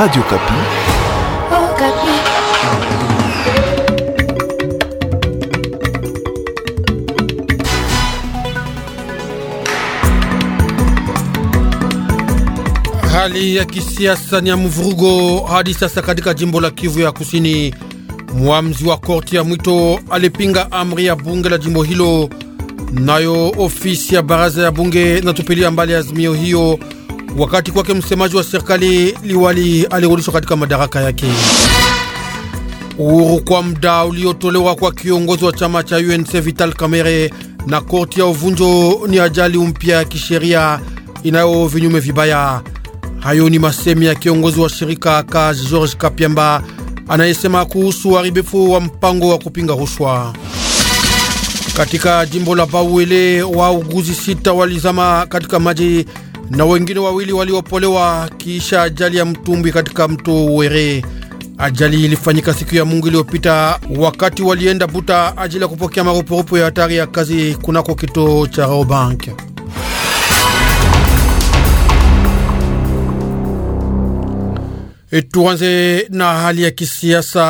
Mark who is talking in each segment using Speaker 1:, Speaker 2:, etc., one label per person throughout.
Speaker 1: Radio Kapi. Oh, Kapi.
Speaker 2: Hali ya kisiasa ni ya mvurugo hadi sasa katika jimbo la Kivu ya Kusini. Mwamzi wa korti ya mwito alipinga amri ya bunge la jimbo hilo, nayo ofisi ya baraza ya bunge inatupilia mbali azimio hiyo Wakati kwake msemaji wa serikali liwali alirudishwa katika madaraka yake. Uhuru kwa muda uliotolewa kwa kiongozi wa chama cha UNC Vital Kamerhe na korti ya uvunjo ni ajali mpya ya kisheria inayo vinyume vibaya. Hayo ni masemi ya kiongozi wa shirika ka George Kapiamba anayesema kuhusu uharibifu wa mpango wa kupinga rushwa katika jimbo la Bauele. Wauguzi sita walizama katika maji na wengine wawili waliopolewa kisha ajali ya mtumbwi katika mto Were. Ajali ilifanyika siku ya Mungu iliyopita wakati walienda Buta ajili ya kupokea marupurupu ya hatari ya kazi kunako kituo cha Robank. E, tuanze na hali ya kisiasa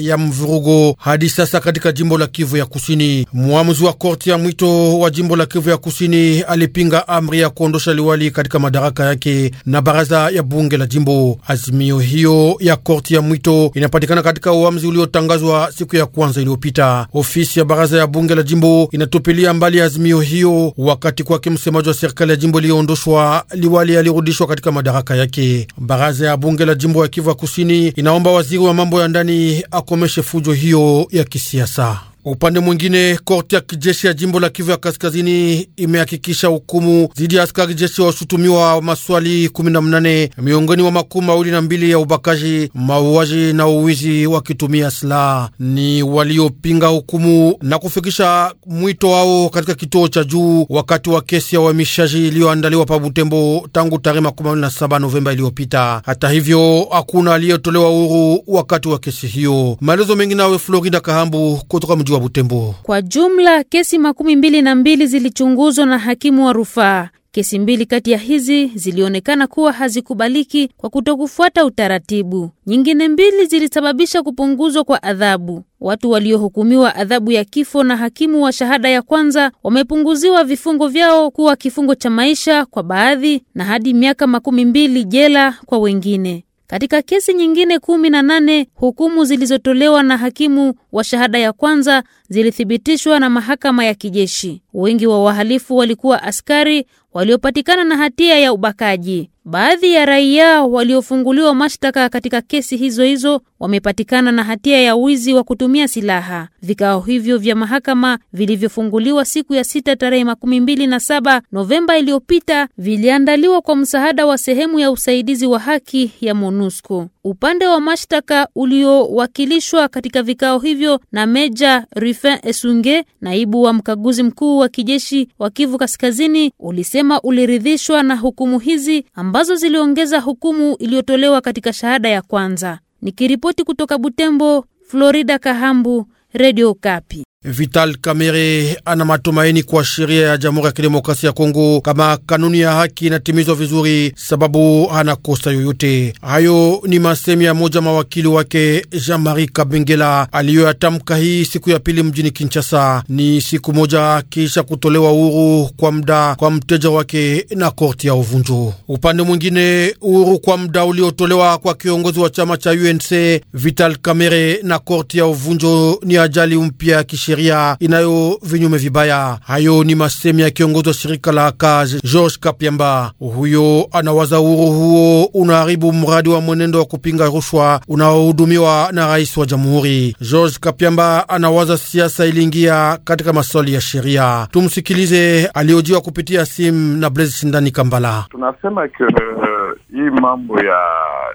Speaker 2: ya mvurugo hadi sasa katika jimbo la Kivu ya Kusini. Mwamuzi wa korti ya mwito wa jimbo la Kivu ya Kusini alipinga amri ya kuondosha liwali katika madaraka yake na baraza ya bunge la jimbo. Azimio hiyo ya korti ya mwito inapatikana katika uamuzi uliotangazwa siku ya kwanza iliyopita. Ofisi ya baraza ya bunge la jimbo inatupilia mbali azimio hiyo. Wakati kwake msemaji wa serikali ya jimbo iliyoondoshwa, liwali alirudishwa katika madaraka yake. Baraza ya bunge la jimbo ya Kivu ya Kusini inaomba waziri wa mambo ya ndani akomeshe fujo hiyo ya kisiasa. Upande mwingine, korti ya kijeshi ya jimbo la Kivu ya kaskazini imehakikisha hukumu dhidi ya askari jeshi washutumiwa maswali 18 miongoni mwa makumi mawili na mbili ya ubakaji, mauaji na uwizi wakitumia silaha. Ni waliopinga hukumu na kufikisha mwito wao katika kituo cha juu wakati wa kesi ya uhamishaji iliyoandaliwa pa Butembo tangu tarehe 27 Novemba iliyopita. Hata hivyo, hakuna aliyetolewa uhuru wakati wa kesi hiyo. Maelezo mengi nawe Florida Kahambu kutoka mji wa Butembo.
Speaker 1: Kwa jumla kesi makumi mbili na mbili zilichunguzwa na hakimu wa rufaa. Kesi mbili kati ya hizi zilionekana kuwa hazikubaliki kwa kutokufuata utaratibu. Nyingine mbili zilisababisha kupunguzwa kwa adhabu. Watu waliohukumiwa adhabu ya kifo na hakimu wa shahada ya kwanza wamepunguziwa vifungo vyao kuwa kifungo cha maisha kwa baadhi na hadi miaka makumi mbili jela kwa wengine. Katika kesi nyingine kumi na nane hukumu zilizotolewa na hakimu wa shahada ya kwanza zilithibitishwa na mahakama ya kijeshi. Wengi wa wahalifu walikuwa askari waliopatikana na hatia ya ubakaji. Baadhi ya raia waliofunguliwa mashtaka katika kesi hizo hizo wamepatikana na hatia ya wizi wa kutumia silaha. Vikao hivyo vya mahakama vilivyofunguliwa siku ya sita tarehe makumi mbili na saba Novemba iliyopita viliandaliwa kwa msaada wa sehemu ya usaidizi wa haki ya MONUSCO. Upande wa mashtaka uliowakilishwa katika vikao hivyo na Meja Rufin Esunge, naibu wa mkaguzi mkuu wa kijeshi wa Kivu Kaskazini, ulisema uliridhishwa na hukumu hizi ambazo ziliongeza hukumu iliyotolewa katika shahada ya kwanza. Nikiripoti kutoka Butembo, Florida Kahambu, Radio Kapi.
Speaker 2: Vital Kamerhe ana matumaini kwa sheria ya Jamhuri ya Kidemokrasia ya Kongo kama kanuni ya haki inatimizwa vizuri, sababu hana kosa yoyote. Hayo ni masemi ya moja mawakili wake Jean Marie Kabengela aliyoyatamka hii siku ya pili mjini Kinshasa, ni siku moja kisha kutolewa uhuru kwa muda kwa mteja wake na korti ya uvunjo. Upande mwingine, uhuru kwa muda uliotolewa kwa kiongozi wa chama cha UNC Vital Kamerhe na korti ya uvunjo ni ajali mpya ya kisheria sheria inayo vinyume vibaya. Hayo ni masemi ya kiongozi wa shirika la kazi George Kapyamba. Huyo anawaza uhuru huo unaharibu mradi wa mwenendo wa kupinga rushwa unaohudumiwa na rais wa jamhuri. George Kapyamba anawaza siasa ilingia katika maswali ya sheria. Tumsikilize, aliojiwa kupitia simu na Blaise Shindani Kambala.
Speaker 3: Tunasema ke euh, hii mambo ya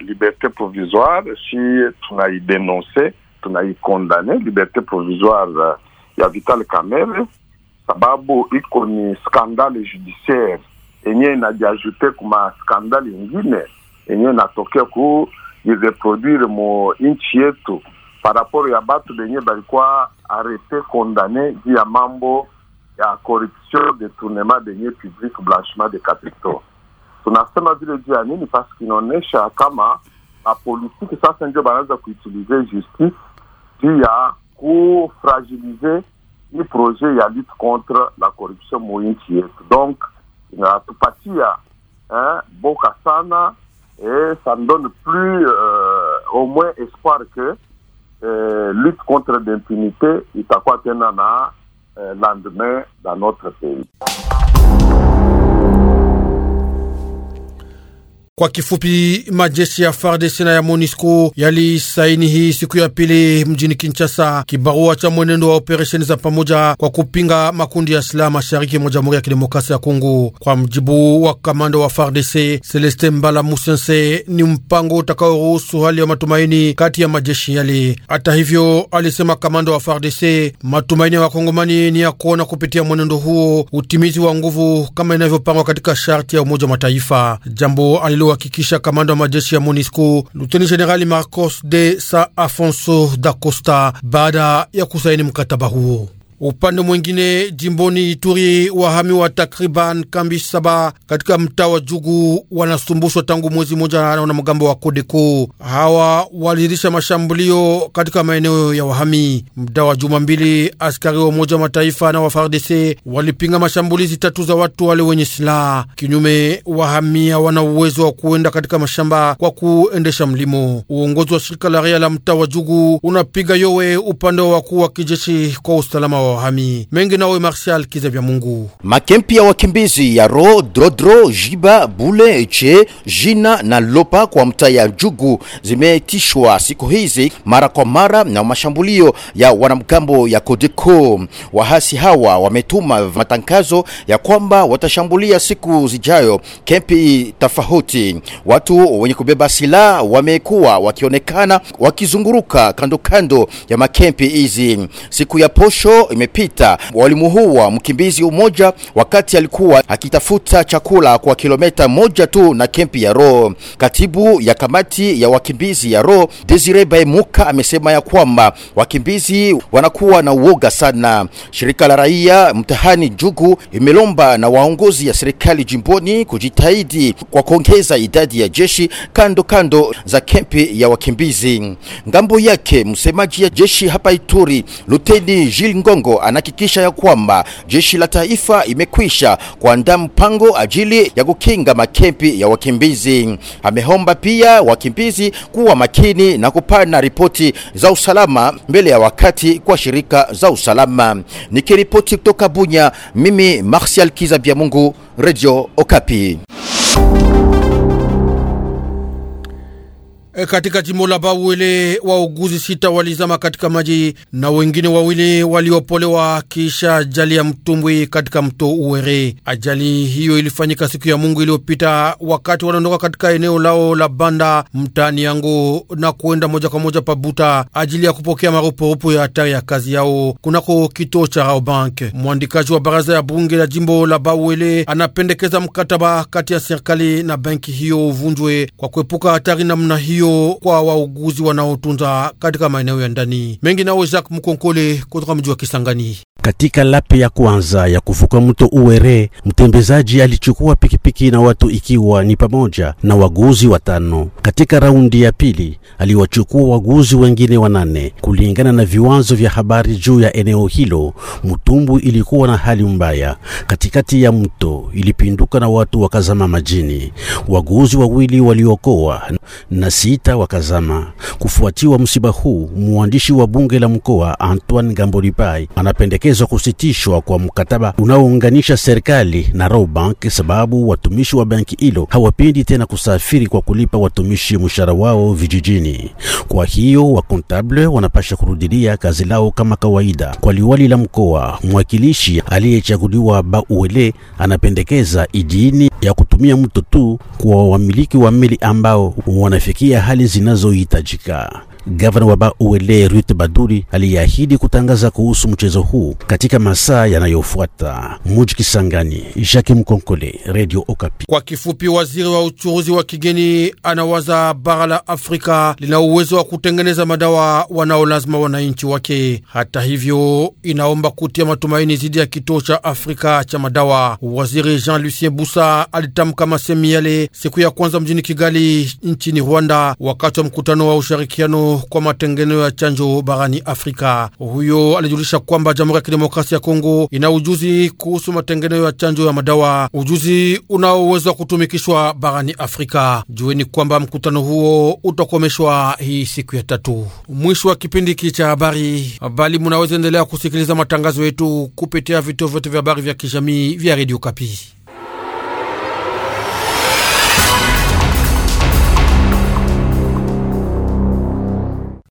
Speaker 3: liberte provisoire si tunaidenonse, tunaikondane. Liberte provisoire ya Vital Kamerhe, sababu iko ni skandale judiciaire yenyewe inajiajute kuma skandale ingine yenyewe inatokea ku jireproduire mu nchi yetu paraporo ya batu benye balikuwa arete kondane juu ya mambo ya corruption detournement benye public blanchement de capitaux. Tunasema vile juu ya nini? Paske inaonyesha kama mapolitiki sasa ndio banaweza kuutilize justice juu ya pour fragiliser le projet de lutte contre la corruption Moïse. Donc, à hein, Bokassana, et ça ne donne plus euh, au moins espoir que euh, lutte contre l'impunité, quoi euh, lendemain dans notre
Speaker 1: pays.
Speaker 2: Kwa kifupi, majeshi ya FARDC na ya MONUSCO yalisaini hii siku ya pili mjini Kinshasa kibarua cha mwenendo wa operesheni za pamoja kwa kupinga makundi ya silaha mashariki mwa Jamhuri ya Kidemokrasia ya Kongo. Kwa mjibu wa kamanda wa FARDC Celeste Mbala Musense, ni mpango utakaoruhusu hali ya matumaini kati ya majeshi yale. Hata hivyo, alisema kamanda wa FARDC, matumaini ya wakongomani ni ya kuona kupitia mwenendo huo utimizi wa nguvu kama inavyopangwa katika sharti ya Umoja wa Mataifa, jambo alilo alivyohakikisha kamanda wa majeshi ya MONUSCO luteni jenerali Marcos de Sa Afonso da Costa baada ya kusaini mkataba huo. Upande mwingine jimboni Ituri, wahami wa takriban kambi saba katika mtaa wa Jugu wanasumbushwa tangu mwezi mmoja na wanamgambo wa Kodeko. Hawa walirisha mashambulio katika maeneo ya wahami. Mda wa juma mbili, askari wa Umoja wa Mataifa na wa FARDC walipinga mashambulizi tatu za watu wale wenye silaha. Kinyume, wahami hawana uwezo wa kuenda katika mashamba kwa kuendesha mlimo. Uongozi wa shirika la raia la mtaa wa Jugu unapiga yowe upande wa wakuu wa kijeshi kwa usalama wa hami mengi nawe. Marshal vya Mungu,
Speaker 3: makempi ya wakimbizi ya Ro Drodro, Jiba, Bule, Che, Jina na Lopa kwa mtaa ya Jugu zimetishwa siku hizi mara kwa mara na mashambulio ya wanamgambo ya Kodeko. Wahasi hawa wametuma matangazo ya kwamba watashambulia siku zijayo kempi tofauti. Watu wenye kubeba silaha wamekuwa wakionekana wakizunguruka kando kando ya makempi hizi. Siku ya posho imepita. wa mkimbizi mmoja wakati alikuwa akitafuta chakula kwa kilomita moja tu na kempi ya Ro. Katibu ya kamati ya wakimbizi ya Ro, Desire Baimuka, amesema ya kwamba wakimbizi wanakuwa na uoga sana. Shirika la raia mtahani Jugu imelomba na waongozi ya serikali jimboni kujitahidi kwa kuongeza idadi ya jeshi kando kando za kempi ya wakimbizi. Ngambo yake msemaji ya jeshi hapa Ituri, Luteni Jil Ngongo Kongo anahakikisha ya kwamba jeshi la taifa imekwisha kuandaa mpango ajili ya kukinga makempi ya wakimbizi. Ameomba pia wakimbizi kuwa makini na kupana ripoti za usalama mbele ya wakati kwa shirika za usalama. Nikiripoti kutoka Bunya, mimi Martial Kiza Mungu, Radio Okapi.
Speaker 2: E, katika jimbo la Bawele wauguzi sita walizama katika maji na wengine wawili waliopolewa kisha ajali ya mtumbwi katika mto Uwere. Ajali hiyo ilifanyika siku ya Mungu iliyopita wakati wanaondoka katika eneo lao la Banda mtaani yangu na kuenda moja kwa moja Pabuta ajili ya kupokea marupurupu ya hatari ya kazi yao kunako kituo cha Raobank. Mwandikaji wa baraza ya bunge la jimbo la Bawele anapendekeza mkataba kati ya serikali na benki hiyo uvunjwe kwa kuepuka hatari namna hiyo hiyo kwa wauguzi wanaotunza katika maeneo ya ndani mengi. Nawe Jacques Mkonkole kutoka mji wa Kisangani.
Speaker 4: Katika lape ya kwanza ya kuvuka mto Uwere, mtembezaji alichukua pikipiki na watu ikiwa ni pamoja na waguzi watano. Katika raundi ya pili aliwachukua waguzi wengine wanane. Kulingana na viwanzo vya habari juu ya eneo hilo, mtumbwi ilikuwa na hali mbaya, katikati ya mto ilipinduka na watu wakazama majini. Waguzi wawili waliokoa na sita wakazama. Kufuatiwa msiba huu, mwandishi wa bunge la mkoa Antoine Gambolipai anapendekeza kupendekezwa kusitishwa kwa mkataba unaounganisha serikali na Bank sababu watumishi wa benki hilo hawapendi tena kusafiri kwa kulipa watumishi mshahara wao vijijini. Kwa hiyo wakontable wanapasha kurudilia kazi lao kama kawaida. Kwa liwali la mkoa, mwakilishi aliyechaguliwa Bauele anapendekeza idini ya kutumia mto tu kwa wamiliki wa meli ambao wanafikia hali zinazohitajika. Gavana wa Bauele Rute Baduri aliyeahidi kutangaza kuhusu mchezo huu katika masaa yanayofuata. Muji Kisangani, Jacques Mkonkole, Radio Okapi.
Speaker 2: Kwa kifupi, waziri wa uchuruzi wa kigeni anawaza bara la Afrika lina uwezo wa kutengeneza madawa wanaolazima wananchi wake. Hata hivyo, inaomba kutia matumaini zidi ya kituo cha Afrika cha madawa. Waziri Jean-Lucien Busa alitamka masemi yale siku ya kwanza mjini Kigali nchini Rwanda wakati wa mkutano wa ushirikiano kwa matengenezo ya chanjo barani Afrika. Huyo alijulisha kwamba Jamhuri ya Kidemokrasia ya Kongo ina ujuzi kuhusu matengenezo ya chanjo ya madawa, ujuzi unaoweza kutumikishwa barani Afrika. Jueni kwamba mkutano huo utakomeshwa hii siku ya tatu. Mwisho wa kipindi hiki cha habari, bali munaweza endelea kusikiliza matangazo yetu kupitia vituo vyote vya habari vya kijamii vya redio Kapi.